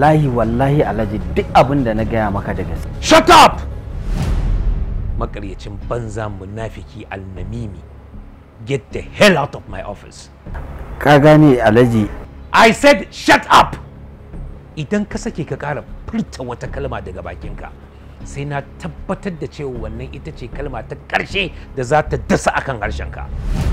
wallahi wallahi alhaji duk abin da na gaya maka da gaske shut up makaryacin banza munafiki alnamimi get the hell out of my office ka gane alhaji i said shut up idan ka sake ka kara furta wata kalma daga bakinka sai na tabbatar da cewa wannan ita ce kalma ta ƙarshe da za ta dasa akan harshenka. ka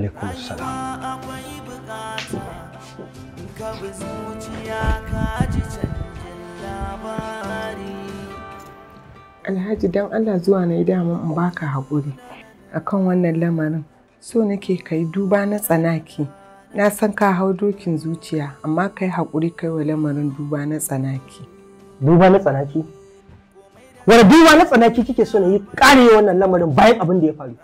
alaikum alhaji dan allah zuwa na yi mun in baka haƙuri akan wannan lamarin so nake ka yi duba na tsanaki na san ka hau dokin zuciya amma ka yi haƙuri kai wa lamarin duba na tsanaki duba na tsanaki wani duba na tsanaki kike so na yi ƙare wannan lamarin bayan abin da ya faru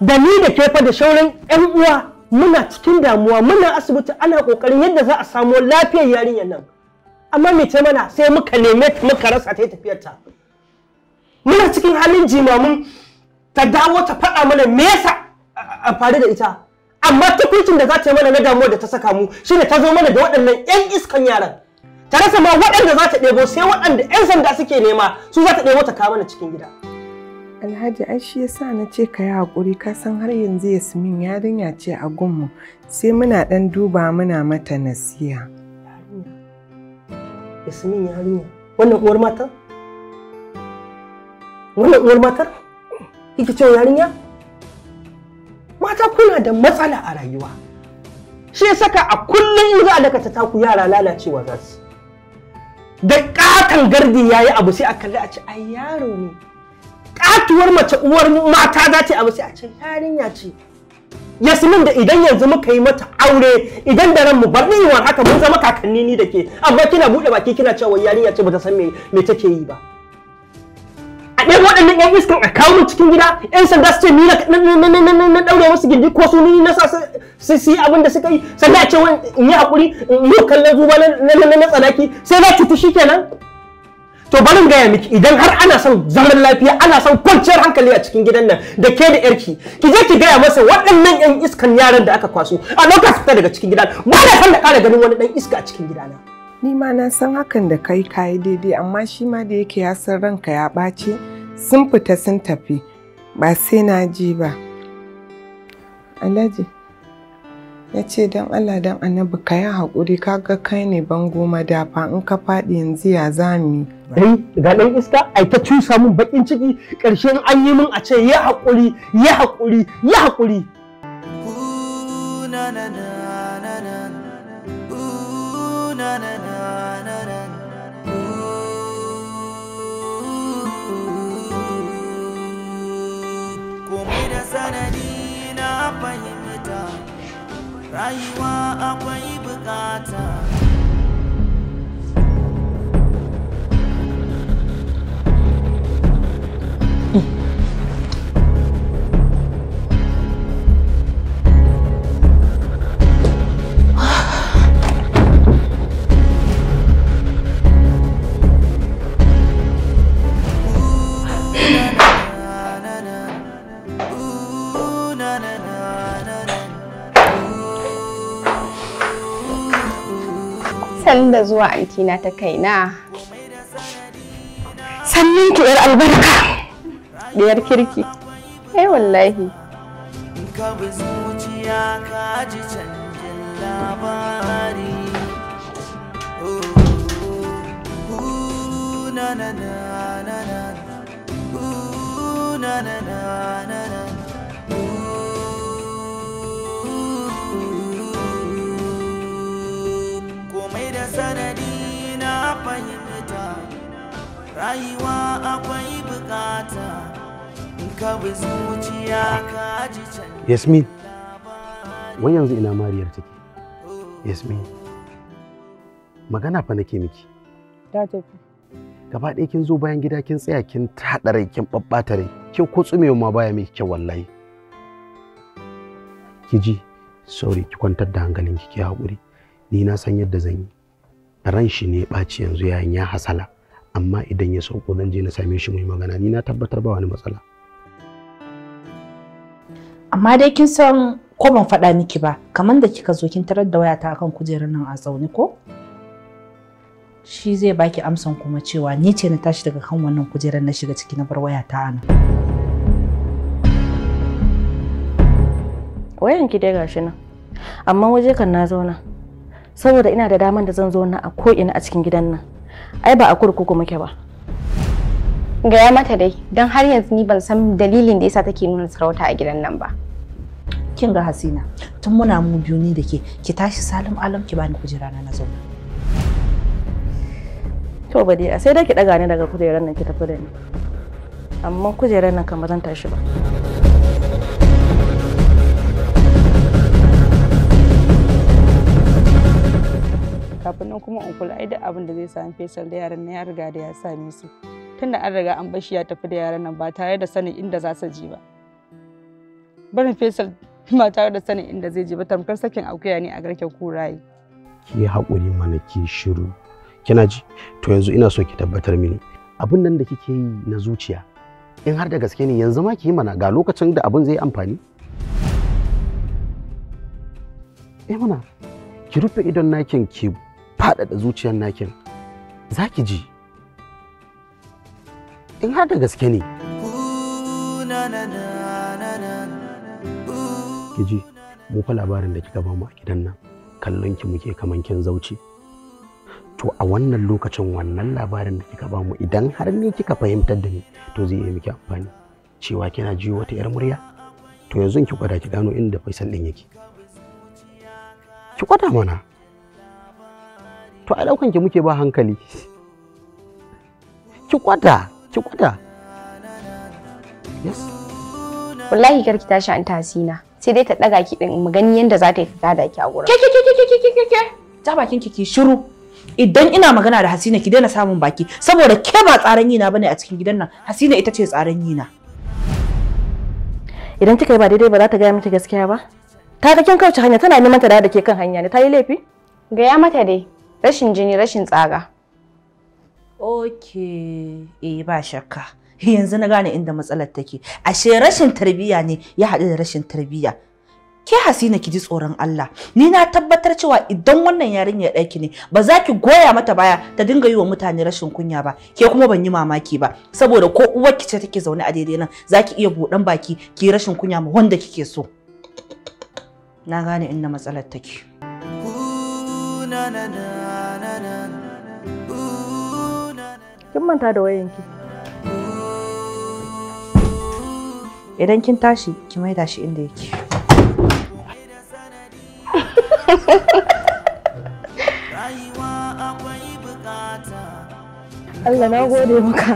da ni da ke fa da shauran 'yan uwa muna cikin damuwa muna asibiti ana kokarin yadda za a samu lafiyar yarinyar nan amma me ce mana sai muka neme muka rasa ta tafiyarta. muna cikin halin jimamin ta dawo ta faɗa mana me yasa a da ita amma tukuncin da za ta yi mana na damuwa da ta saka mu shine ta zo mana da waɗannan 'yan iskan yaran ta rasa ma waɗanda za ta ɗebo sai waɗanda 'yan sanda suke nema su za ta ɗebo ta kawo mana cikin gida Alhaji ai shi yasa na ce ka yi hakuri ka san har yanzu Yasmin yarinya ce a gunmu sai muna dan duba muna mata nasiya. Yasmin yarinya wannan uwar matar? Wannan uwar matar? Kike ce yarinya? Mata kuna da matsala a rayuwa. Shi ya saka a kullum in za a dakata taku yara lalacewa za su. Da ƙaton gardi ya yi abu sai a kalli a ce ai yaro ne. katuwar mace uwar mata za ce abu sai a ce yarinya ce yasmin da idan yanzu muka yi mata aure idan da ranmu bar yiwuwar haka mun zama kakanni ni da ke amma kina buɗe baki kina cewa yarinya ce ba ta san me me take yi ba a ɗaya waɗannan 'yan iskan a kawo cikin gida Yan sanda su ce ni na ɗaure wasu gindi ko su ni na sa su yi abin da suka yi sannan a ce wani yi haƙuri yau kallon zuba na tsanaki sai na cutu shi kenan. to barin gaya miki idan har ana son zaman lafiya ana son kwanciyar hankali a cikin gidan nan da ke da yarki ki je ki gaya masa waɗannan yan iskan yaran da aka kwaso a lokacin fita daga cikin gidan ba na san da ƙara ganin wani ɗan iska a cikin gidana. ni ma na san hakan da kai kai daidai amma shi ma da yake ya san ranka ya ɓace, sun fita sun tafi ba sai na ji ba alhaji ya ce don allah don annabi ka yi haƙuri ga kai ne bango madafa in ka faɗi yanzu ya zami dai ga dan iska ai ta cusa mun bakin ciki karshen an yi min a ce ya haƙuri ya haƙuri ya haƙuri sanadi na rayuwa akwai bukata zuwa antina ta kaina. Sannan ki ‘yar albarka. Diyar kirki. Ai eh, wallahi. na na na na na na labari. na na na na na na na na na rayuwa akwai bukata in ka zuciya ka ji can yasmin wai yanzu ina mariyar take yasmin magana fa nake miki ta tafi gaba ɗaya kin zo bayan gida kin tsaya kin taɗa rai kin ɓaɓɓata rai kin ko tsumewa ma baya mai kyau wallahi ki ji sauri ki kwantar da hankalinki ki ki haƙuri ni na san yadda zan yi ran shi ne ɓaci yanzu yayin ya hasala amma idan ya sauko zan je na same shi mu yi magana ni na tabbatar ba wani matsala amma dai kin san ko ban faɗa miki ba kamar da kika zo kin tarar da wayata akan kujerar nan a zaune ko shi zai baki amsan kuma cewa ni ce na tashi daga kan wannan kujerar na shiga ciki na bar wayata ana. wayan ki dai gashi nan amma waje kan na zauna saboda ina da daman da zan zo na a ko ina a cikin gidan nan ai ba a kurkuku muke ba gaya mata dai don har yanzu ni ban san dalilin da yasa take nuna sarauta a gidan nan ba kin ga hasina tun muna mu biyu ne da ke ki tashi salim alam ki bani kujera na na zauna to ba dai sai dai ki daga ni daga kujerar nan ki tafi da ni amma kujerar nan kamar zan tashi ba kafin nan kuma in kula ai duk abin da zai sami fesal da yaran na ya riga da ya same su tunda an riga an bashi ya tafi da yaran nan ba tare da sanin inda za su ji ba barin fesal ba tare da sanin inda zai je ba tamkar sakin akuya ne a garke kuraye ki haƙuri mana ki shiru kina ji to yanzu ina so ki tabbatar mini abin nan da kike yi na zuciya in har da gaske ne yanzu ma ki yi mana ga lokacin da abun zai amfani eh mana ki rufe idon nakin ki faɗaɗa zuciyar nakin za ki ji in har da gaske ne ki ji mu fa labarin da kika bamu a gidan nan kallon ki muke kaman kin zauce to a wannan lokacin wannan labarin da kika bamu idan har ni kika fahimtar da ni to zai yi miki amfani cewa kina ji wata yar murya to yanzu ki gwada ki gano inda faisal din yake ki gwada mana to ai daukan ki muke ba hankali ki kwata ki kwata yes wallahi karki tashi an tasina sai dai ta daga ki din mu gani yanda za ta yi ki a gurin ke ke ke ke ke ke ke ta bakin ki ki shiru idan ina magana da Hasina ki daina samun baki saboda ke ba tsaran yina bane a cikin gidan nan Hasina ita ce tsaran yina idan kika yi ba daidai ba za ta gaya miki gaskiya ba ta ga kin kauce hanya tana neman ta da ke kan hanya ne ta yi laifi gaya mata dai rashin jini rashin tsaga ok eh ba shakka yanzu na gane inda matsalar take ashe rashin tarbiyya ne ya haɗu da rashin tarbiyya ke hasina ki ji tsoron Allah ni na tabbatar cewa idan wannan yarinya ɗaki ne ba za ki goya mata baya ta dinga yi wa mutane rashin kunya ba ke kuma ban yi mamaki ba saboda ko uwar ki ce take zaune a daidai nan za ki iya buɗan baki ki rashin kunya ma wanda kike so na gane inda matsalar take. Kin manta da wayanki. Idan kin tashi, ki maida shi inda yake. Allah na gode maka.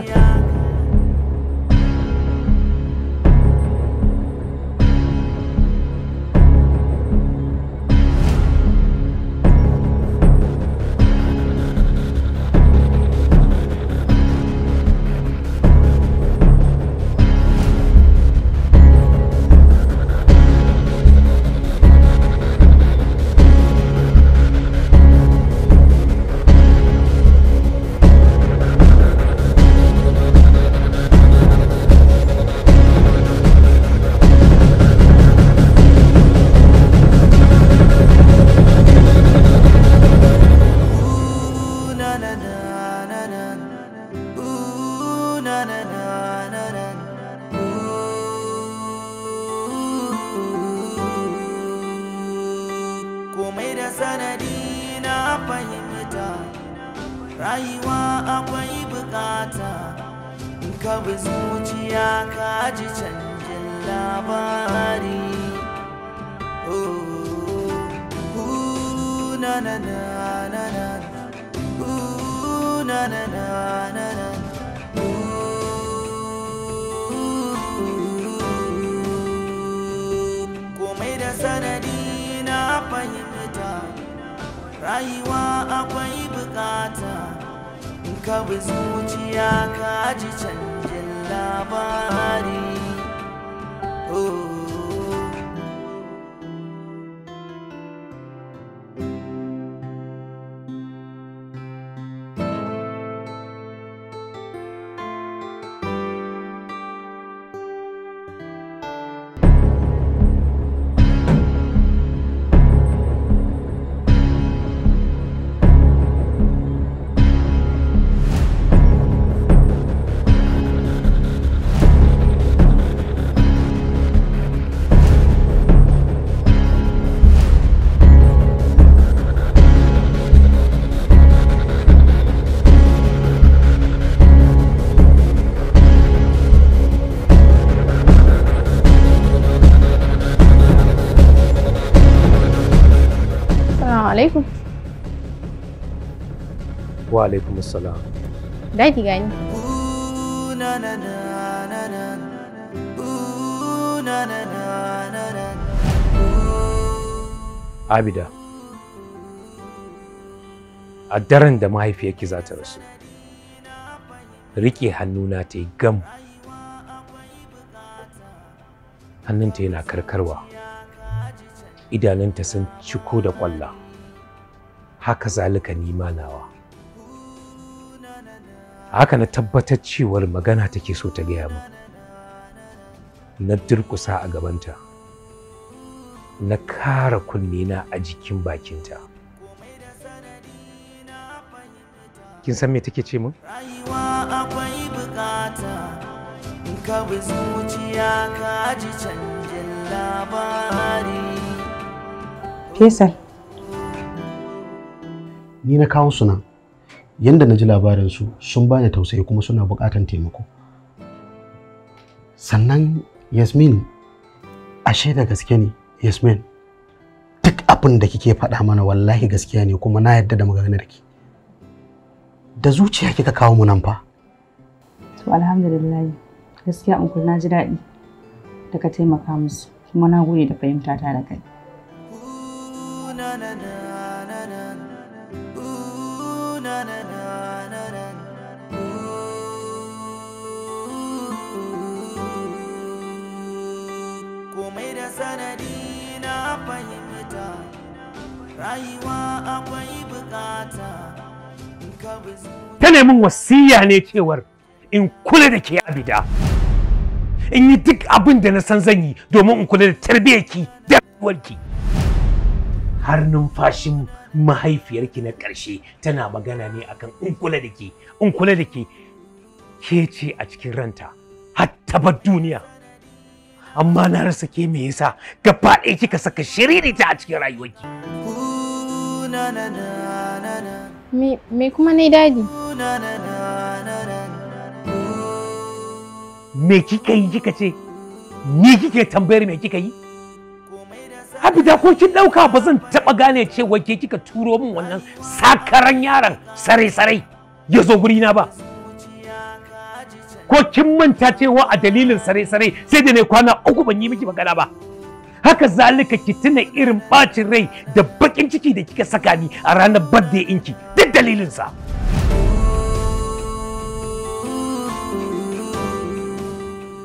salam dadi gani abida a daren da mahaifiyarki za ta rasu riƙe hannuna ta yi gam hannunta yana karkarwa idanunta sun ciko da ƙwalla haka zalika nima nawa haka na tabbatar cewar magana take so ta gaya min na durƙusa a gabanta na kara na a jikin bakinta kin san me take ce min rayuwa akwai bukata in ka canjin labari Fesal. Ni na kawo su yanda na ji labarin su sun bani tausayi kuma suna buƙatar taimako sannan yasmin ashe da gaske ne yasmin duk abin da kike faɗa mana wallahi gaskiya ne kuma na yadda da maganar ki da zuciya kika kawo mu nan fa to alhamdulillah gaskiya in na ji daɗi da ka taimaka musu kuma na gode da fahimta ta da kai rayuwa akwai bukata nemi wasiya ne cewar in kula da ke abida in yi duk abin da na san zan yi domin in kula da tarbiyyarki da rayuwarki har numfashin mahaifiyarki na ƙarshe tana magana ne akan in kula da ke in kula da ke ke ce a cikin ranta har bar duniya amma na rasa ke me yasa gaba ɗaya kika saka shiriri ta a cikin rayuwarki. Me, me kuma ne daji? Me kika yi kika ce? Ni kike tambayar me kika yi? Abida ko kin ɗauka ba zan taɓa gane cewa ke kika turo min wannan sakaran yaron sare-sare ya zo na ba. Ko kin manta cewa a dalilin sare-sare sai da ne kwana uku ban yi miki magana ba. haka zalika ki tuna irin bacin rai da bakin ciki da kika saka ni a ranar birthday inki duk dalilinsa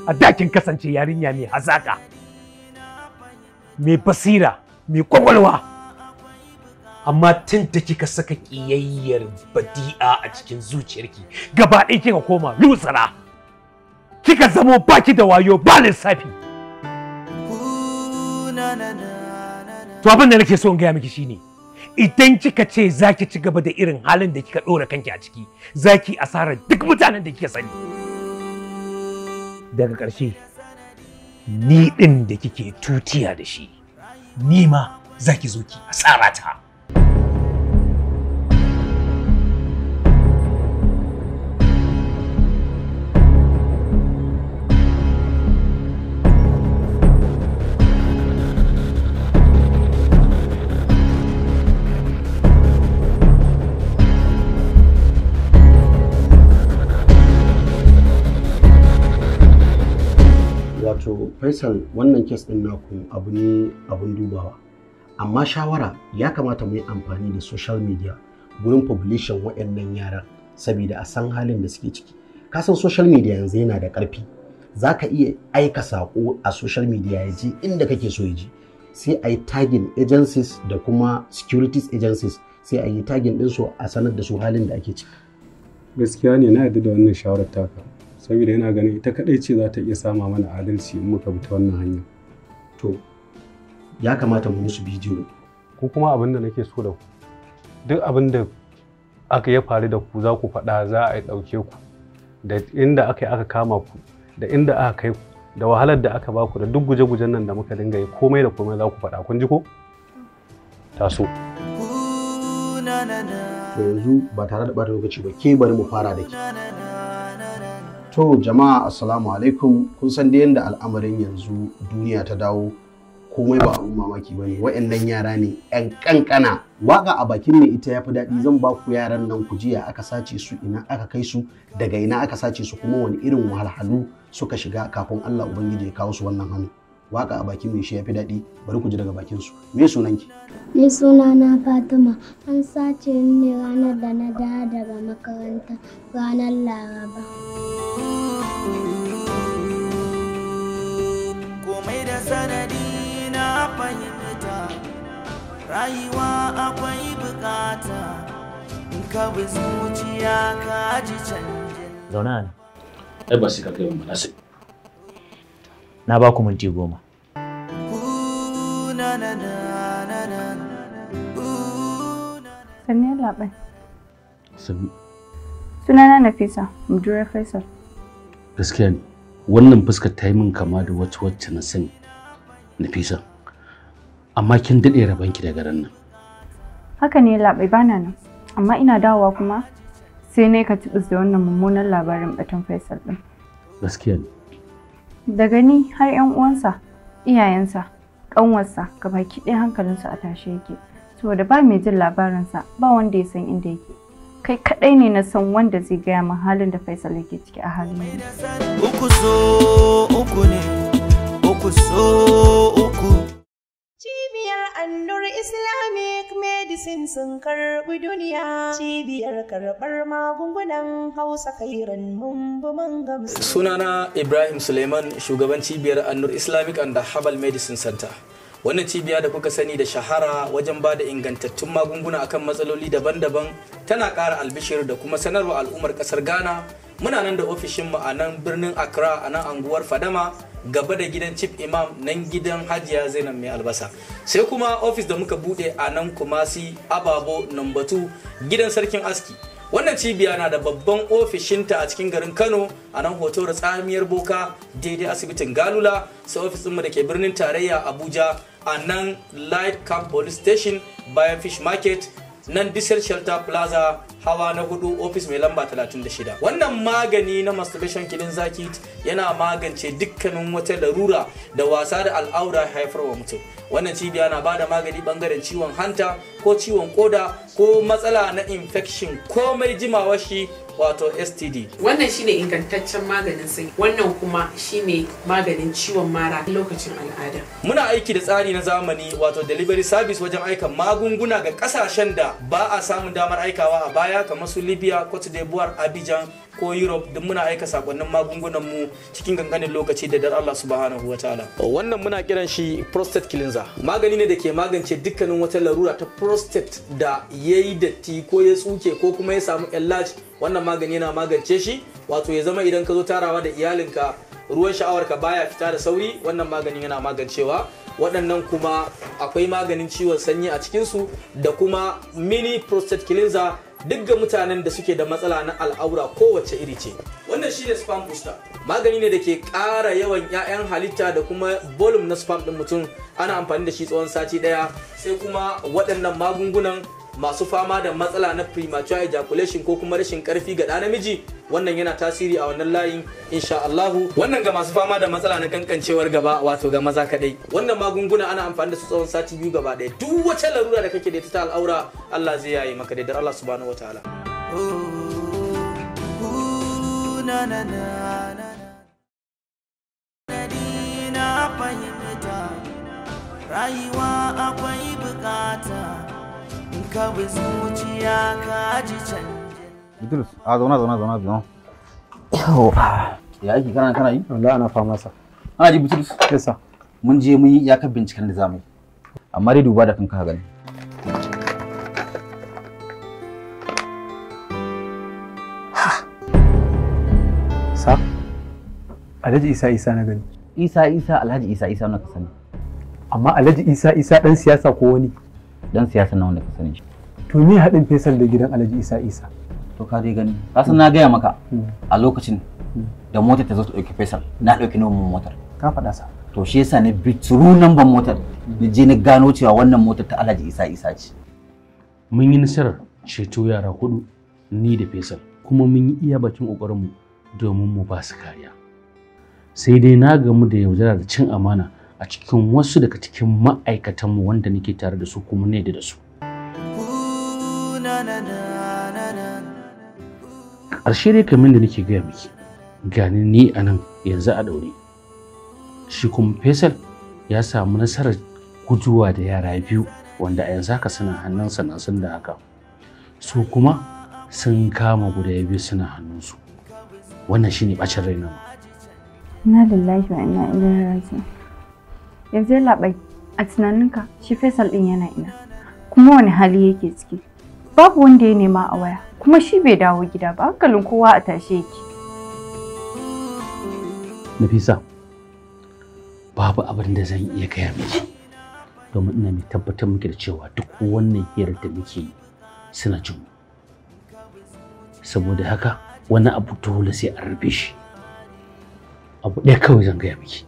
a dakin kasance yarinya mai hazaka mai basira mai kwakwalwa amma tun da kika saka ƙiyayyar badi'a a cikin zuciyarki gaba ɗaya kika koma lusara kika zamo baki da wayo ba lissafi to abin da nake so in gaya miki shine idan kika ce zaki ki ci gaba da irin halin da kika ɗora kanki a ciki zaki asara duk mutanen da kika sani daga ƙarshe ni ɗin da kike tutiya da shi ni ma zaki zo ki asara ta Faisal wannan kes ɗin naku abu ne abun dubawa. Amma shawara ya kamata mu yi amfani da social media gurin publishin waɗannan yaran saboda a san halin da suke ciki. kasan social media yanzu yana da ƙarfi. Za ka iya aika saƙo a social media ya je inda kake so ya je Sai a yi tagging agencies da kuma securities agencies sai a yi tagging ɗinsu a sanar da su halin da ake ciki. Gaskiya ne na yarda da wannan shawarar taka. saboda yana ganin ita kadai ce za ta iya sama mana adalci in muka bi ta wannan hanya to ya kamata mu musu bidiyo ko kuma abin da nake so da ku duk abin da aka ya faru da ku za ku faɗa za a ɗauke ku da inda aka yi aka kama ku da inda aka kai ku da wahalar da aka baku da duk guje-gujen nan da muka dinga yi komai da komai za ku faɗa kun ji ko taso to yanzu ba tare da ɓata lokaci ba ke bari mu fara da ke To jama'a assalamu alaikum kun san da yadda al'amarin yanzu duniya ta dawo komai ba abun mamaki bane wa'annan yara ne yan kankana waka a bakin ne ita yafi daɗi zan ba ku yaran nan ku jiya aka sace su ina aka kai su daga ina aka sace su kuma wani irin wahalhalu suka shiga kafin Allah ubangiji ya kawo su wannan hannu waka a bakin mai shi ya fi daɗi bari ku ji daga bakin su me sunan ki. ni suna na fatima an sace ni ranar da na da daga makaranta ranar laraba komai da sanadi na fahimta rayuwa akwai bukata in ka bi zuciya ka ji canjin zauna ne ai ba sai ka kai mu na sai na ba ku minti goma sannan labai sannu sunana nafisa mujura faisal gaskiya wannan fuskar ta yi min kama da wacce wacce na sani nafisa amma kin daɗe rabanki da garin nan haka ne labai bana nan amma ina dawowa kuma sai ne ka tibis da wannan mummunan labarin batun faisal ɗin gaskiya ne daga ni har 'yan uwansa iyayensa ƙanwarsa baki ɗaya hankalinsu a tashe yake saboda ba mai jin labarinsa ba wanda ya san inda yake kai kaɗai ne na san wanda zai gaya min halin da faisal yake ciki a halin yanzu annur Islamic Medicine sun karɓi duniya cibiyar karɓar magungunan Hausa kairan mumbuman Sunana Ibrahim Suleiman shugaban cibiyar Annur Islamic and Herbal Medicine Center. Wannan cibiya da kuka sani da shahara wajen ba da ingantattun magunguna akan matsaloli daban-daban tana ƙara albishir da kuma sanarwa al'ummar ƙasar Ghana. Muna nan da ofishinmu a nan birnin Accra a nan anguwar Fadama gaba da gidan chief imam nan gidan hajiya zainab mai albasa sai kuma ofis da muka bude a nan kumasi ababo number 2 gidan sarkin aski wannan cibiya na da babban ofishinta a cikin garin kano a nan hoto da tsamiyar boka daidai asibitin galula sai ofis mu da ke birnin tarayya abuja a nan light camp police station bayan fish market nan disel shelter plaza hawa na hudu ofis mai lamba 36 wannan magani na masturbation kilin zaki yana magance dukkanin wata larura da wasa da al'aura haifarwa mutum wannan cibiya na bada magani bangaren ciwon hanta ko ciwon koda ko matsala na infection komai jimawa shi wato std wannan shine ingantaccen maganin sanyi wannan kuma shine maganin ciwon mara lokacin al'ada muna aiki da tsari na zamani wato delivery service wajen aika magunguna ga kasashen da ba a samun damar aikawa a baya kamar su libya cote d'ivoire abidjan ko Europe duk muna aika sakonnin magungunan mu cikin ganganin lokaci da dar Allah subhanahu wataala wannan muna kiran shi prostate cleanser magani ne da ke magance dukkanin wata larura ta prostate da yayi datti ko ya tsuke ko kuma ya samu enlarge wannan magani yana magance shi wato ya zama idan ka zo tarawa da iyalinka ruwan sha'awarka baya fita da sauri wannan magani yana magancewa waɗannan kuma akwai maganin ciwon sanyi a cikinsu da kuma mini prostate cleanser duk ga mutanen da suke da matsala na al'aura kowace iri ce wannan shine spam booster magani ne da ke ƙara yawan 'ya'yan halitta da kuma volume na spam ɗin mutum ana amfani da shi tsawon sati ɗaya sai kuma waɗannan magungunan masu fama da matsala na premature ejaculation ko kuma rashin karfi ga ɗa namiji wannan yana tasiri a wannan layin insha Allahu wannan ga masu fama da matsala na kankancewar gaba wato ga maza kadai wannan magunguna ana amfani da su tsawon sati biyu gaba ɗaya duk wata larura da kake da ita ta al'aura Allah zai yaye maka da Allah subhanahu wataala rayuwa akwai bukata ka bi zuciya ka ji canjin Idris a zauna zauna zauna zauna ah. ya aiki kana kana yi wallahi ana fama sa ana ji Bitrus yes mun je mun yi iyakar binciken da zamu yi amma dai duba da kanka gani Isa? Alhaji Isa Isa na gani. Isa Isa Alhaji Isa Isa na ka sani. Amma Alhaji Isa Isa ɗan siyasa ko wani? dan siyasa na wanda ka sani shi to ni haɗin fesal da gidan alhaji isa isa to ka dai gani ka san na gaya maka hmm. a lokacin hmm. da motar ta zo ta ɗauki fesal na ɗauki nomin motar ka faɗa sa to shi yasa ni bi turu namban motar ni je ni gano cewa wannan motar ta alhaji isa isa ce mun yi nasarar ceto yara hudu ni da fesal kuma mun yi iya bakin ƙoƙarinmu domin mu ba su kariya sai dai na gamu da yaudara da cin amana a cikin wasu daga cikin ma'aikatanmu wanda nake tare da su kuma ne da su ƙarshe dai kamar da nake gaya miki gani ni a nan yanzu a ɗaure shi kuma fesal ya samu nasarar guduwa da yara biyu wanda a yanzu haka suna hannunsa na da haka su kuma sun kama guda biyu suna hannunsu wannan shine bacin rai na ma. Na da wa ina ilaihi raji'un. yanzu ya labai a tunaninka shi Faisal din yana ina kuma wani hali yake ciki babu wanda ya nema a waya kuma shi bai dawo gida ba hankalin kowa a tashe yake Nafisa babu abin da zan iya gaya miki domin ina mai tabbatar miki da cewa duk wannan hirar da muke yi suna jin saboda haka wani abu dole sai a rufe shi abu ɗaya kawai zan gaya miki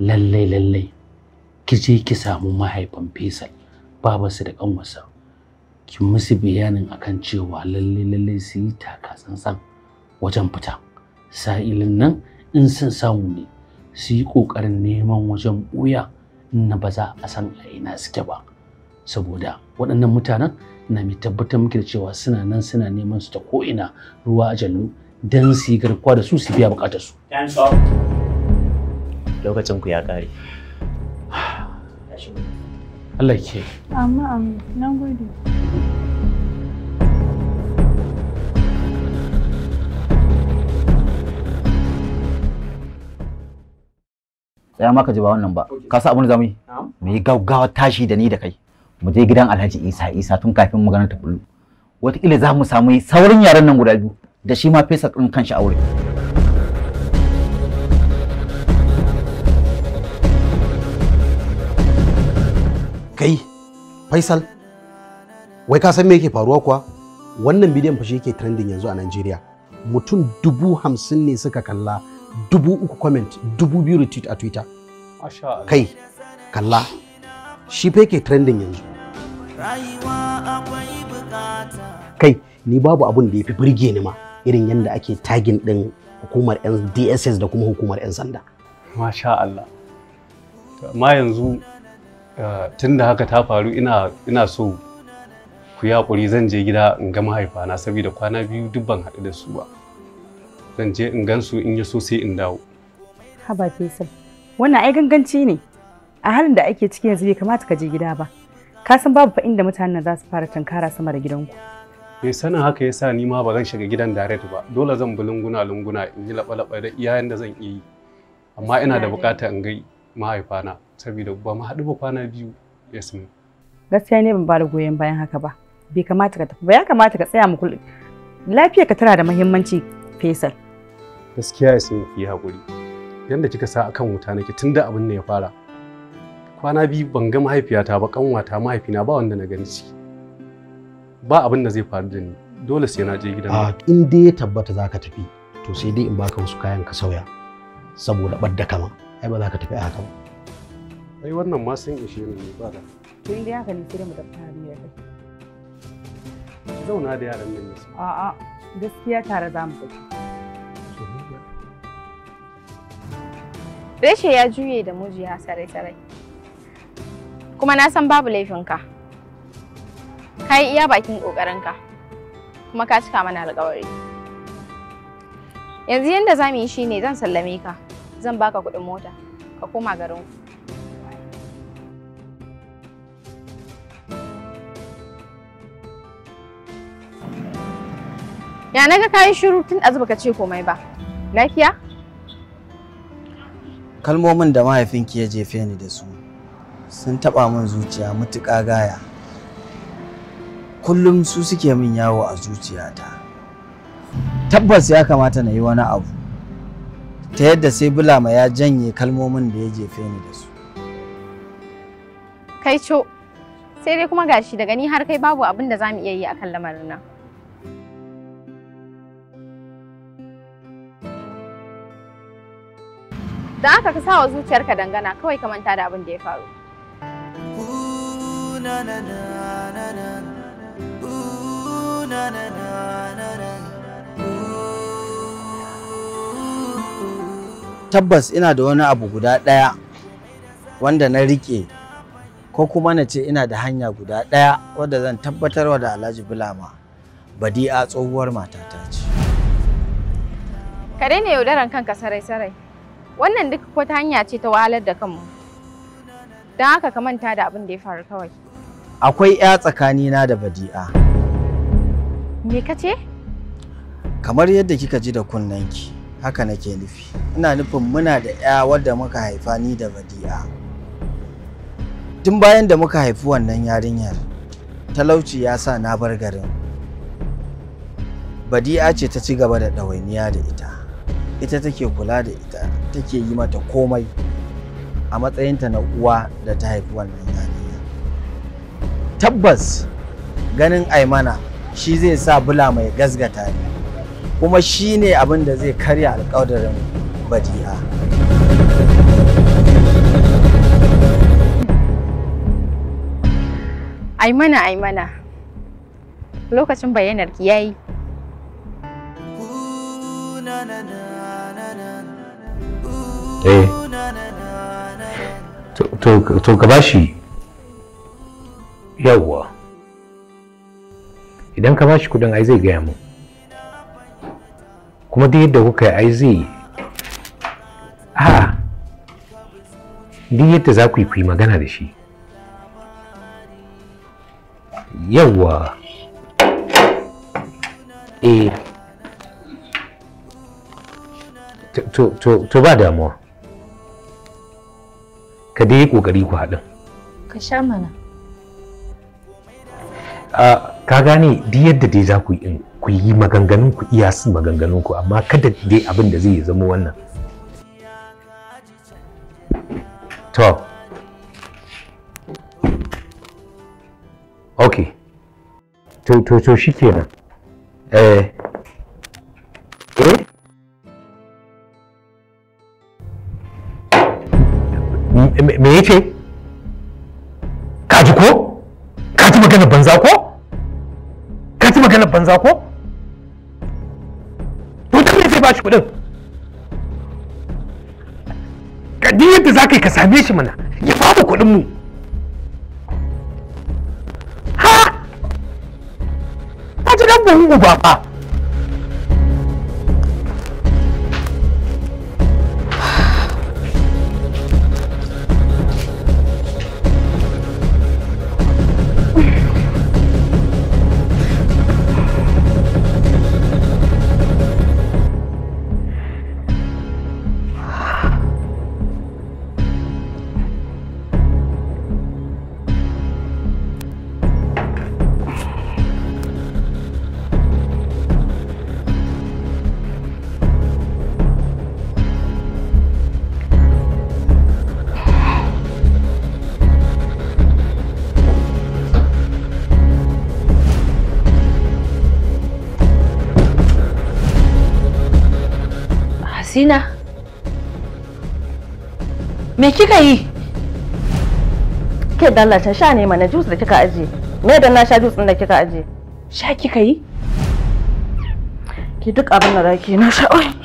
lallai lallai ki je ki samu mahaifin Faisal babarsa da ƙanwarsa ki musu bayanin akan cewa lallai lallai su yi taka tsantsan wajen fita sa'ilin nan in sun samu ne su yi ƙoƙarin neman wajen ɓuya na ba za a san a ina suke ba saboda waɗannan mutanen na mai tabbatar miki da cewa suna nan suna neman su ta ko'ina ruwa a jallu don su yi garkuwa da su su biya bukatar su. lokacin ku ya kare Allah ke amma amma um, na gode tsaya maka ji ba wannan ba ka sa abin da zamu yi mu yi gaggawa tashi da ni da kai mu je gidan Alhaji Isa Isa tun kafin gana ta kullu wataƙila za mu samu saurin yaren nan guda biyu da shi ma fesa ɗin kanshi aure. kai faisal wai ka san me yake faruwa kuwa wannan bidiyon fa shi yake trending yanzu a Najeriya mutum dubu hamsin ne suka kalla dubu uku comment dubu biyu retweet a Twitter kai kalla shi fa yake trending yanzu kai ni babu abun da ya fi birge ni ma irin yadda ake tagin din hukumar DSS da kuma hukumar 'yan sanda. Masha Allah. Ma yanzu Eh, tun da haka ta faru ina ina so ku yi haƙuri zan je gida in ga mahaifana saboda kwana biyu dubban haɗu da su ba zan je in gan su in yi so sai in dawo haba fesa wannan ai ganganci ne a halin da ake ciki yanzu bai kamata ka je gida ba ka san babu fa inda mutanen za su fara tankara sama da gidanku bai eh, sanin haka yasa ni ma ba zan shiga gidan direct ba dole zan bi lunguna lunguna in yi laɓa-laɓa da iyayen da zan iya yi amma ina da buƙatar in ga mahaifana saboda ba mu haɗu ba kwana biyu ya yasmin gaskiya ne ban da goyon bayan haka ba bai kamata ka tafi ba ya kamata ka tsaya muku lafiyar ka tana da muhimmanci fesal gaskiya ya yasmin ki hakuri yanda kika sa akan wuta nake tunda abin da ya fara kwana biyu ban ga mahaifiyata ba kanwata mahaifina ba wanda na gani ciki ba abin da zai faru da ni dole sai na je gidan a ah, in dai ya tabbata za ka tafi to sai dai in baka wasu kayan ka sauya saboda ɓadda kama ai ba za ka tafi a haka ba ai wannan ma sun ishe ni ne ba da to da haka ne kira mu tafi hariya kai zauna da yaran nan yasa a'a gaskiya tare za mu tafi Reshe ya juye da muji ya sare sare Kuma na san babu laifinka. Ka yi iya bakin ƙoƙarinka. Kuma ka cika mana alƙawari. Yanzu yadda za mu yi shine ne zan sallame ka. Zan baka kuɗin mota. Ka koma garin ku. Ya naga kayi shiru tun azuba ka ce komai ba. Lafiya? Kalmomin da mahaifinki ya jefe ni da su sun taba min zuciya mutuƙa gaya. Kullum su suke min yawo a zuciyata. Tabbas ya kamata na yi wani abu ta yadda sai bulama ya janye kalmomin da ya jefe ni da su. Kai co, sai dai kuma gashi daga ni har kai babu abin da za mu iya yi akan lamarin nan. don haka ka sawa zuciyarka dangana kawai ka manta da abin da ya faru. Tabbas ina da wani abu guda ɗaya wanda na rike ko kuma na ce ina da hanya guda ɗaya wadda zan tabbatar wa da Alhaji Bulama badi'a tsohuwar matata ce. Ka daina yaudaran kanka sarai-sarai. wannan duk wata hanya ce ta wahalar da kanmu don haka ka manta da abin da ya faru kawai akwai ya tsakanina da badi'a me ka ce kamar yadda kika ji da kunnanki haka nake nufi ina nufin muna da ya wadda muka haifa ni da badi'a tun bayan da muka haifi wannan yarinyar talauci ya sa na bar garin badi'a ce ta ci gaba da ɗawainiya da ita ita take kula da ita take yi mata komai a matsayinta na uwa da ta haifi wannan yarinya tabbas ganin aimana shi zai sa bula mai gasgata ne kuma shi ne abin da zai karya alƙawarin badi'a aimana aimana lokacin bayyanar ki yayi eh to ka bashi yawwa idan ka bashi kudin ai zai gaya mu kuma duk yadda kuka yi ai zai a ah. duk yadda za ku yi magana da shi yawwa eh to ba damuwa ka dai yi ƙoƙari ku haɗin ka sha mana ka gane duk yadda dai za ku yi ku yi maganganun ku iya su maganganun ku amma kada dai abin da zai zama wannan to ok to to to shikenan eh me yake kaji ko kaji magana banza ko kaji magana banza ko to ta me ba bashi kudin kadi yadda za ka yi ka same shi mana ya fada kudin mu ha ta ji dan buhu ba ba Asina? Me kika yi? Ke dalla ta sha ne mana juice da kika aje. Me da na sha juice din da kika aje? Sha kika yi? Ki duk abin da zaki na sha. Oi.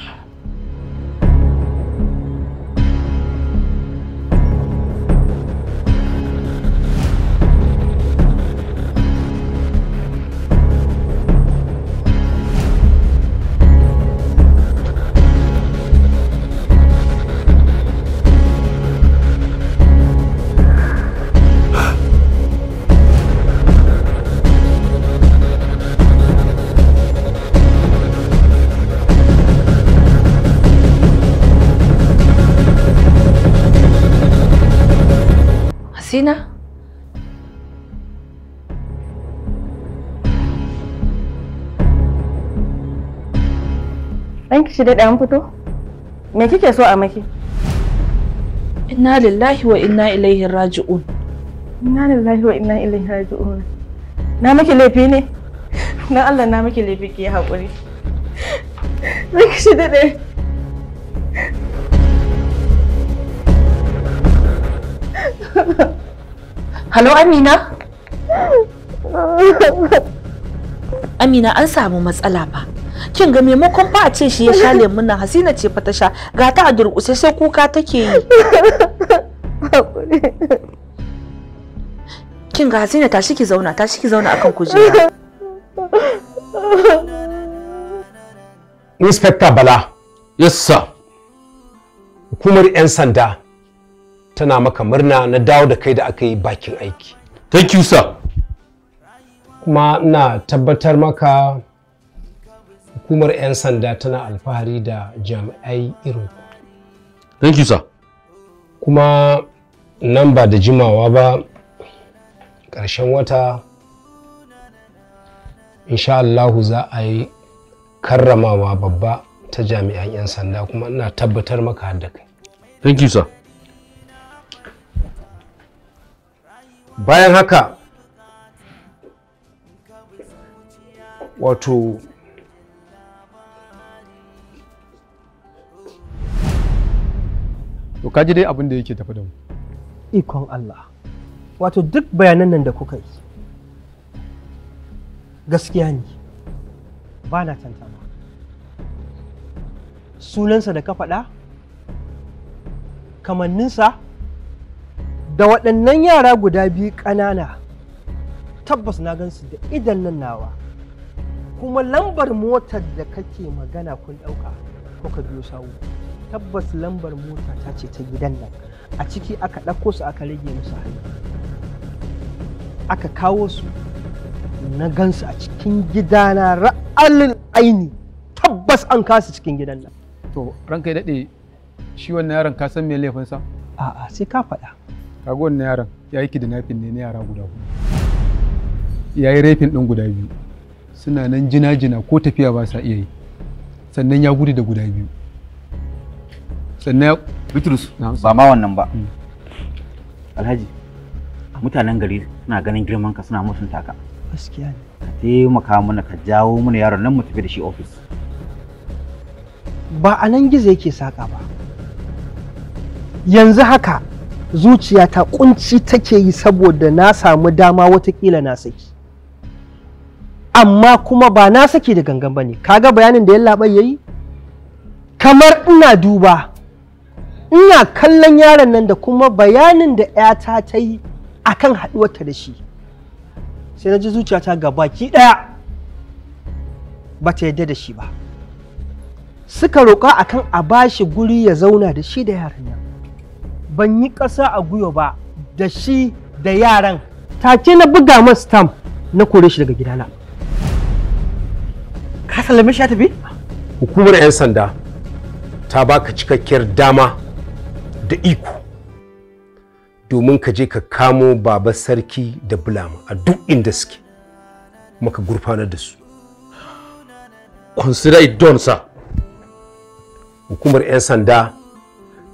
ki daɗe an fito? Me kike so a maki? Inna lillahi wa inna ilaihi raji'un. Inna lillahi wa inna ilaihi raji'un. Na miki laifi ne? Na Allah na miki laifi ki haƙuri. Zan ki shi daɗe. Halo Amina? Amina an samu matsala ba. kin ga maimakon ba a ce shi ya sha lemun nan hasina ce fa ta sha ga ta a durƙuse sai kuka take yi kin ga hasina tashi ki zauna tashi ki zauna akan kujera inspector bala yes sir hukumar 'yan sanda tana maka murna na dawo da kai da aka yi bakin aiki thank you sir kuma ina tabbatar maka hukumar 'yan sanda tana alfahari da jami'ai irin ku. Thank you sir. Kuma nan ba da jimawa ba ƙarshen wata insha Allahu za a yi karramawa babba ta jami'an 'yan sanda kuma ina tabbatar maka da kai. Thank you sir. Bayan haka wato to kaji dai abin da yake tafi da mu ikon Allah wato duk bayanan nan da kuka yi gaskiya ne ba na tantama sunansa da ka faɗa kamanninsa da waɗannan yara guda biyu ƙanana tabbas na gansu da idan nan nawa kuma lambar motar da kake magana kun ɗauka kuka biyo sawu tabbas lambar mota ta ce ta gidan nan a ciki aka ɗauko su aka rage musu hannu aka kawo su na gansu a cikin gidana ra'alin aini tabbas an kasu cikin gidan nan to ranka ya daɗe shi wannan yaron ka san me laifinsa a'a sai ka faɗa kaga wannan yaron ya yi kidnapping ne na yara guda huɗu ya yi rafin ɗin guda biyu suna nan jina-jina ko tafiya ba sa iya yi sannan ya gudu da guda biyu sannan bitrus ba ma wannan ba alhaji mutanen gari suna ganin girman ka suna mutunta ka gaskiya ne ka taimaka mana ka jawo mana yaron nan mu tafi da shi ofis ba a nan gizo yake saka ba yanzu haka zuciya ta kunci take yi saboda na samu dama watakila na saki amma kuma ba na saki da gangan ba ne kaga bayanin da yallaɓai ya yi kamar ina duba ina kallon yaron nan da kuma bayanin da 'yata ta yi a akan haɗuwarta da shi sai na ji zuciyata ga baki ɗaya ba ta yarda da shi ba suka roƙa a kan a ba shi guri ya zauna da shi da yaran nan ban yi ƙasa a guyo ba da shi da yaran take na buga masu stamp na kore shi daga gidana ka salami shi tafi hukumar 'yan sanda ta baka cikakkiyar dama da iko domin ka je ka kamo baba sarki da bulama a duk inda suke maka gurfanar da su consider it done sir hukumar 'yan sanda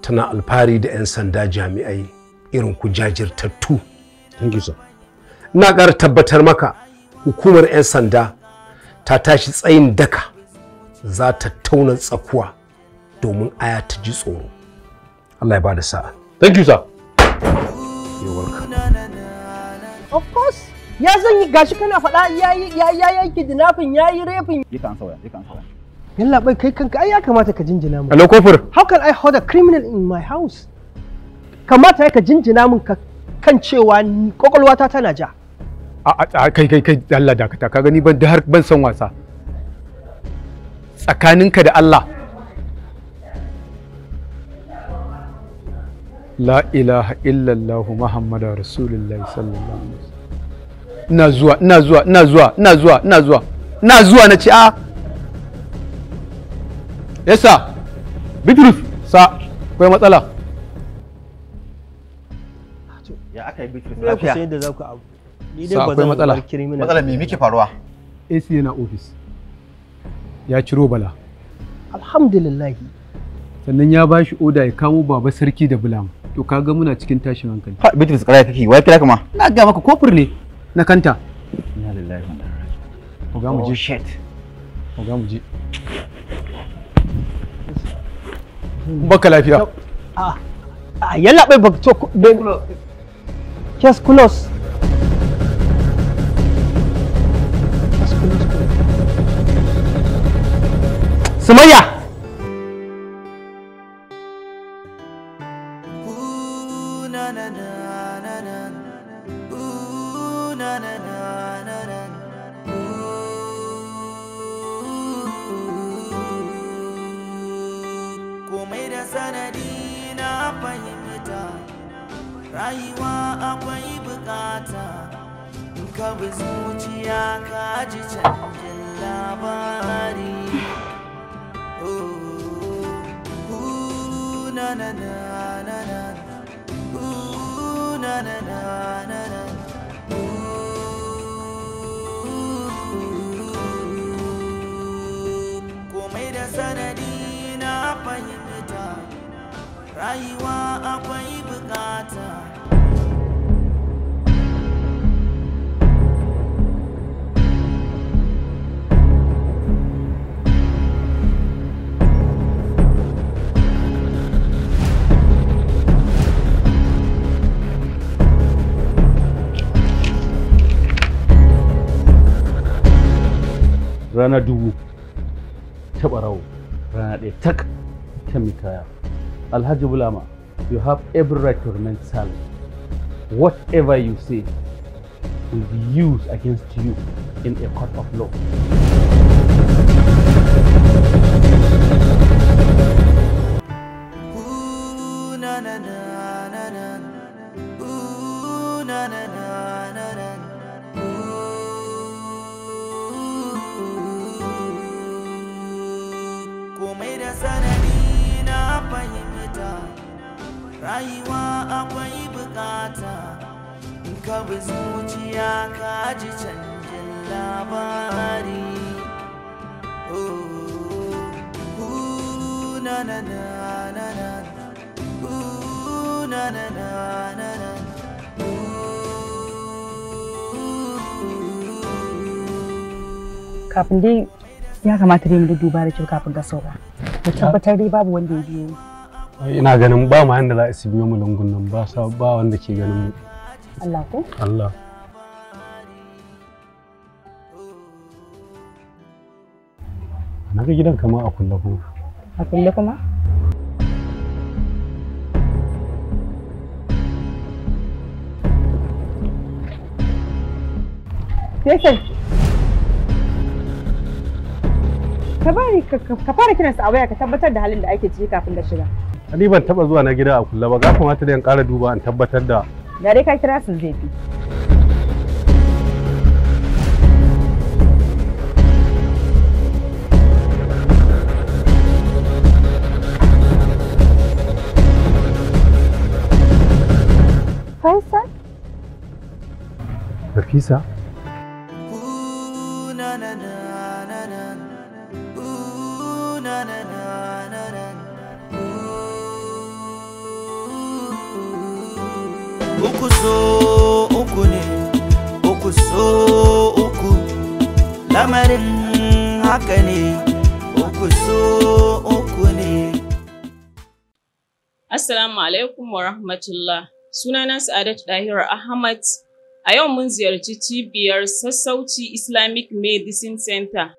tana alfahari da 'yan sanda jami'ai irin ku jajirtattu thank you sir ina ƙara tabbatar maka hukumar 'yan sanda ta tashi tsayin daka za ta tauna tsakuwa domin aya ta ji tsoro Allah ya bada sa'a thank you sir you're welcome of course ya zan yi gashi kana faɗa ya ya yi kidnapping ya yi raping ya kan sauya ya kan sauya yalla bai kai kanka ai ya kamata ka jinjina mu hello kofur how can i hold a criminal in my house kamata ka jinjina mun ka kan cewa kwakwalwata tana ja a a kai kai kai Allah dakata ka gani ban da har ban san wasa tsakaninka da Allah la ilaha illallah muhammadu rasulullahi sallallahu alaihi ina zuwa ina zuwa ina zuwa ina zuwa ina zuwa ina zuwa na ce a ah. yasa bitrus sa akwai matsala ya aka yi bitrus lafiya sai da za ku abu ni dai ba zan matsala matsala me muke faruwa AC yana ofis ya ciro bala alhamdulillah sannan ya bashi oda ya kamo baba sarki da bulama to ka ga muna cikin tashin hankali ha bitrus ƙarya kake wai kira kama na ga maka kofur ne na kanta inna lillahi wa inna ilaihi raji'un mu je oh, shit Ga mu je baka lafiya a ah, ah, yalla bai bak to yes kulos. Sumayya! na komai da sanadi na fahimta rayuwa akwai bukata ka bi zuciya ka labari ooh oh, oh, na na na na na sanadi na fahimta rayuwa akwai bukata rana dubu ta barawo rana ɗaya tak ta mitaya alhaji bulama you have every right to remain silent whatever you say will be used against you in a court of law bi zuciya ka labari na na kafin dai ya kamata dai mu duba da kyau kafin ka sauka mu tabbatar dai babu wanda ya biyo ina ganin ba ma da za a biyo mu lungun nan ba ba wanda ke ganin mu Allah ko? Allah. Na ga gidan kama a kulle kuma. A kulle kuma? Yashin. Ka bari ka fara kiran su a waya ka tabbatar da halin da ake ciki kafin da shiga. Ali ban taba zuwa na gida a kulle ba, ga ta da yan ƙara duba an tabbatar da da dai ka kira su zai Faisal? Nafisa? lamarin haka ne uku so uku ne Assalamu alaikum wa rahmatullah sunana Sa'adatu Dahira Ahmad a yau mun ziyarci cibiyar sassauci Islamic Medicine Center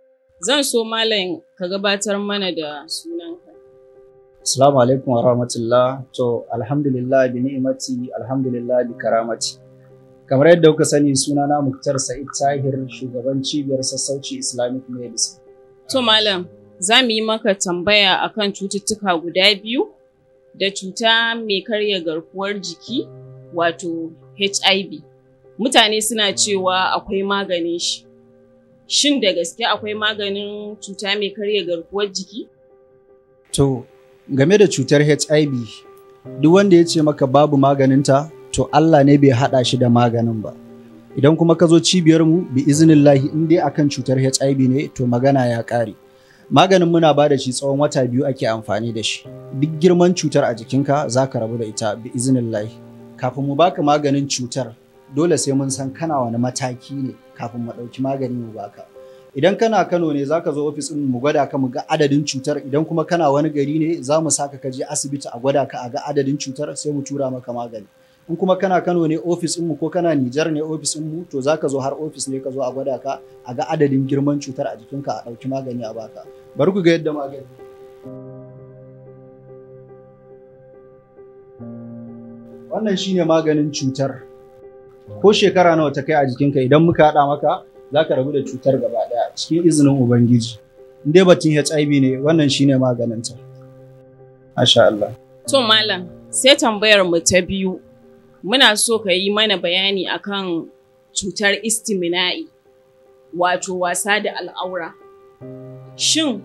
zan so malam ka gabatar mana da sunanka Assalamu alaikum wa rahmatullah to alhamdulillah bi ni'imati alhamdulillah bi karamati kamar yadda kuka sani suna na muktar sa'id tahir shugaban cibiyar sassauci islamic medicine to malam za mu yi maka tambaya akan cututtuka guda biyu da cuta mai karya garkuwar jiki wato hiv mutane suna cewa akwai maganin shi shin da gaske akwai maganin cuta mai karya garkuwar jiki to game da cutar hiv duk wanda ya ce maka babu maganinta to Allah ne bai haɗa shi da maganin ba idan kuma ka zo cibiyar mu bi iznillahi in dai akan cutar HIV ne to magana ya ƙare maganin muna ba da shi tsawon wata biyu ake amfani da shi duk girman cutar a jikinka za ka rabu da ita bi iznillahi kafin mu baka maganin cutar dole sai mun san kana wani mataki ne kafin mu ɗauki magani mu baka idan kana kano ne zaka zo ofis ɗin mu gwada ka mu ga adadin cutar idan kuma kana wani gari ne za mu saka ka je asibiti a gwada ka a ga adadin cutar sai mu tura maka magani in kuma kana Kano ne ofis mu ko kana Nijar ne ofis mu to zaka zo har ofis ne ka zo a gwada ka a ga adadin girman cutar a jikinka a ɗauki magani a baka bari ku ga yadda magani wannan shine maganin cutar ko shekara nawa ta kai a jikinka idan muka haɗa maka zaka rabu da cutar gaba ɗaya cikin izinin ubangiji in dai batun HIV ne wannan shine maganin ta masha Allah to malam sai tambayar mu ta biyu muna so ka yi mana bayani akan cutar istimina'i wato wasa da al'aura shin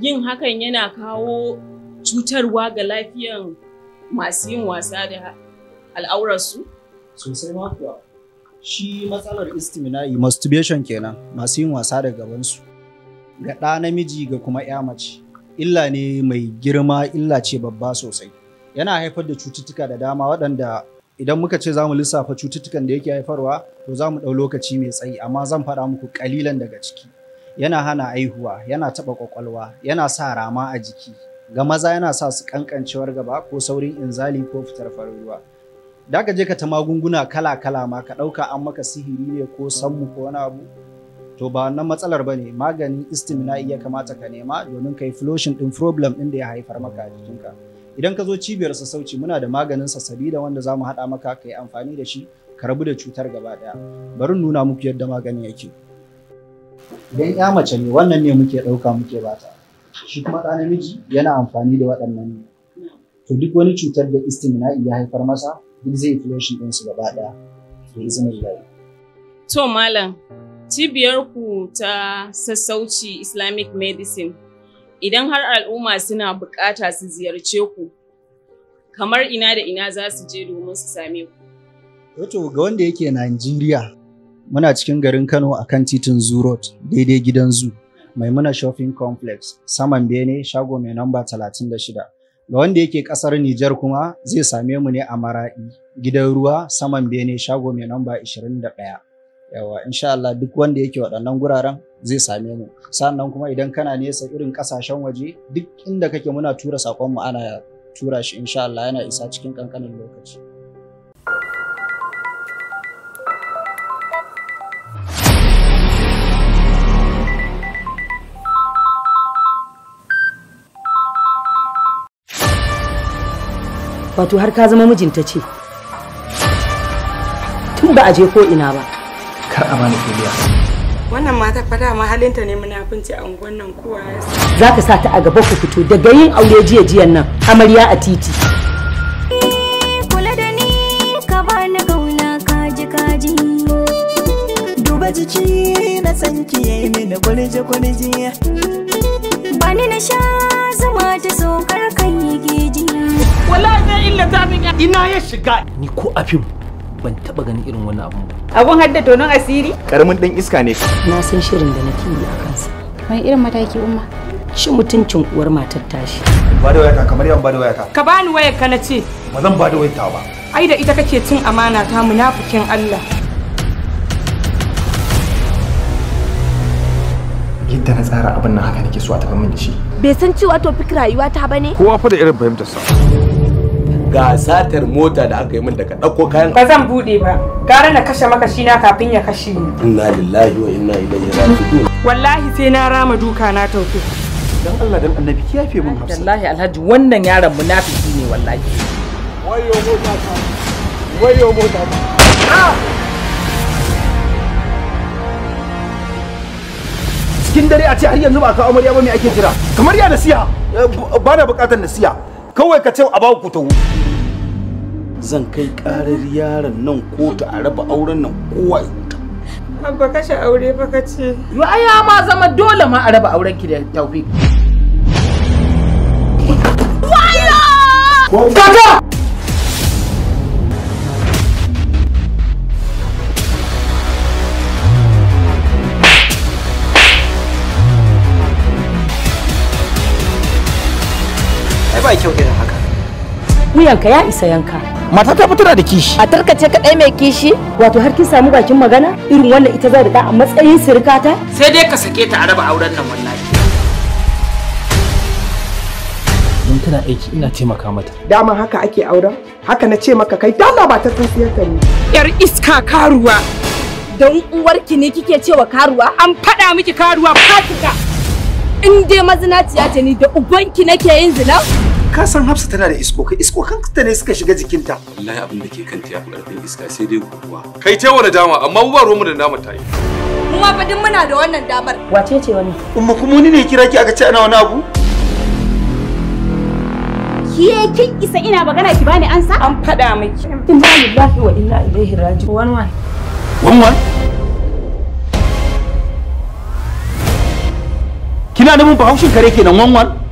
yin hakan yana kawo cutarwa ga lafiyan masu yin wasa da al'aurarsu? sosai ma kuwa shi matsalar istimina'i masturbation kenan masu yin wasa da gabansu ga ɗa namiji ga kuma ya mace illa ne mai girma illa ce babba sosai yana haifar da cututtuka da dama waɗanda idan muka ce za mu lissafa cututtukan da yake haifarwa to za mu ɗau lokaci mai tsayi amma zan faɗa muku ƙalilan daga ciki yana hana aihuwa yana taɓa ƙwaƙwalwa yana sa rama a jiki ga maza yana sa su ƙanƙancewar gaba ko saurin inzali ko fitar farin ruwa da ka je ka ta magunguna kala kala ma ka ɗauka an maka sihiri ne ko sammu ko wani abu to ba wannan matsalar ba ne maganin istimina ya kamata ka nema domin ka yi floshin ɗin problem ɗin da ya haifar maka a jikinka. idan ka zo cibiyar sassauci muna da maganin sassabi da wanda za mu haɗa maka ka yi amfani da shi ka rabu da cutar gaba ɗaya bari nuna muku yadda magani yake idan ya mace ne wannan ne muke ɗauka muke bata shi kuma ɗa namiji yana amfani da waɗannan ne to duk wani cutar da na iya haifar masa duk zai flushing ɗinsu gaba ɗaya da izinin yi. to malam cibiyar ku ta sassauci islamic medicine Idan har al'umma suna bukata su ziyarce ku, kamar ina da ina za su je domin su same ku. Wato ga wanda yake Najeriya muna cikin garin Kano akan titin Zoo Road daidai gidan Zoo. Maimuna Shopping Complex, saman Bene, shago mai namba 36. Ga wanda yake kasar Nijar kuma zai same mu ne a Maraɗi, gidan ruwa saman Bene, shago mai namba 21. Yawa, insha Allah duk wanda yake waɗannan guraren zai same mu sannan kuma idan kana nesa irin kasashen waje duk inda kake muna tura sakon mu ana tura shi insha Allah yana isa cikin kankanin lokaci wato har ka zama mijinta ce tun ba a je ko ina ba kar a bani kuliya wannan mata fa mahalinta halinta ne munafunci a unguwan nan kowa Za ka sa ta a gaba ku fito daga yin aure jiya jiyan nan amarya a titi kula da ni ka bani kauna kaji kaji jiki na san ki yayi mini gurje Ba ni na sha zuma ta sokar kan yi geji wallahi illa ta min ina ya shiga ni ko afim ban taba ganin irin wannan abun ba abun hadda tonon asiri karamin dan iska ne na san shirin da nake yi a kansa wani irin mataki umma shi mutuncin uwar matar tashi ba da wayata kamar yawan ba da wayata ka bani wayar ka na ce ba zan ba da wayata ba ai da ita kake cin amana ta munafikin Allah yadda na tsara abin nan haka nake so a tafi min da shi bai san cewa to fik yiwa ta bane kowa fa da irin fahimtar sa ga satar mota da aka yi min daga ɗauko kayan ba zan bude ba gara na kashe maka shi na kafin ya kashe ni inna lillahi wa inna ilaihi raji'un wallahi sai na rama duka na tauke dan Allah dan annabi ki yafe mun hafsa wallahi alhaji wannan yaron munafiki ne wallahi wayo mota ta wayo mota ta ah! cikin dare a ce har yanzu ba ka amarya ba me ake jira kamar ya nasiha eh, ba na bukatar nasiha kawai ka ce a ba ku tahu zan kai karar yaron nan kotu a raba auren nan kowa ya ta. abba kashe aure fa ka ce yo ma zama dole ma a raba auren ki da tawfik Kaka! ba kyau irin haka wuyanka ya isa yanka mata ta fitura da kishi a tarkace kaɗai mai kishi wato har kin samu bakin magana irin wannan ita za da a matsayin sirikata sai dai ka sake ta a raba auren nan wallahi don tana aiki ina taimaka mata dama haka ake auren haka na ce maka kai dama ba ta tsintsiyar ka ne yar iska karuwa don uwarki ne kike cewa karuwa an faɗa miki karuwa fatika in dai mazinaciya ce ni da ubanki nake yin zina ka san Hafsa tana da iskokai iskokanta ne suka shiga jikinta wallahi abin da ke kan ya fi karfin iska sai dai guguwa kai ce wani dama amma mu ba ruwanmu da dama ta yi kuma fa duk muna da wannan damar wace ce wani umma kuma ni ne kira ki aka ce ana wani abu kiye kin isa ina magana ki bani ansa an faɗa miki inna lillahi wa inna ilaihi wan wanwan wanwan kina da mun bahaushin kare kenan wanwan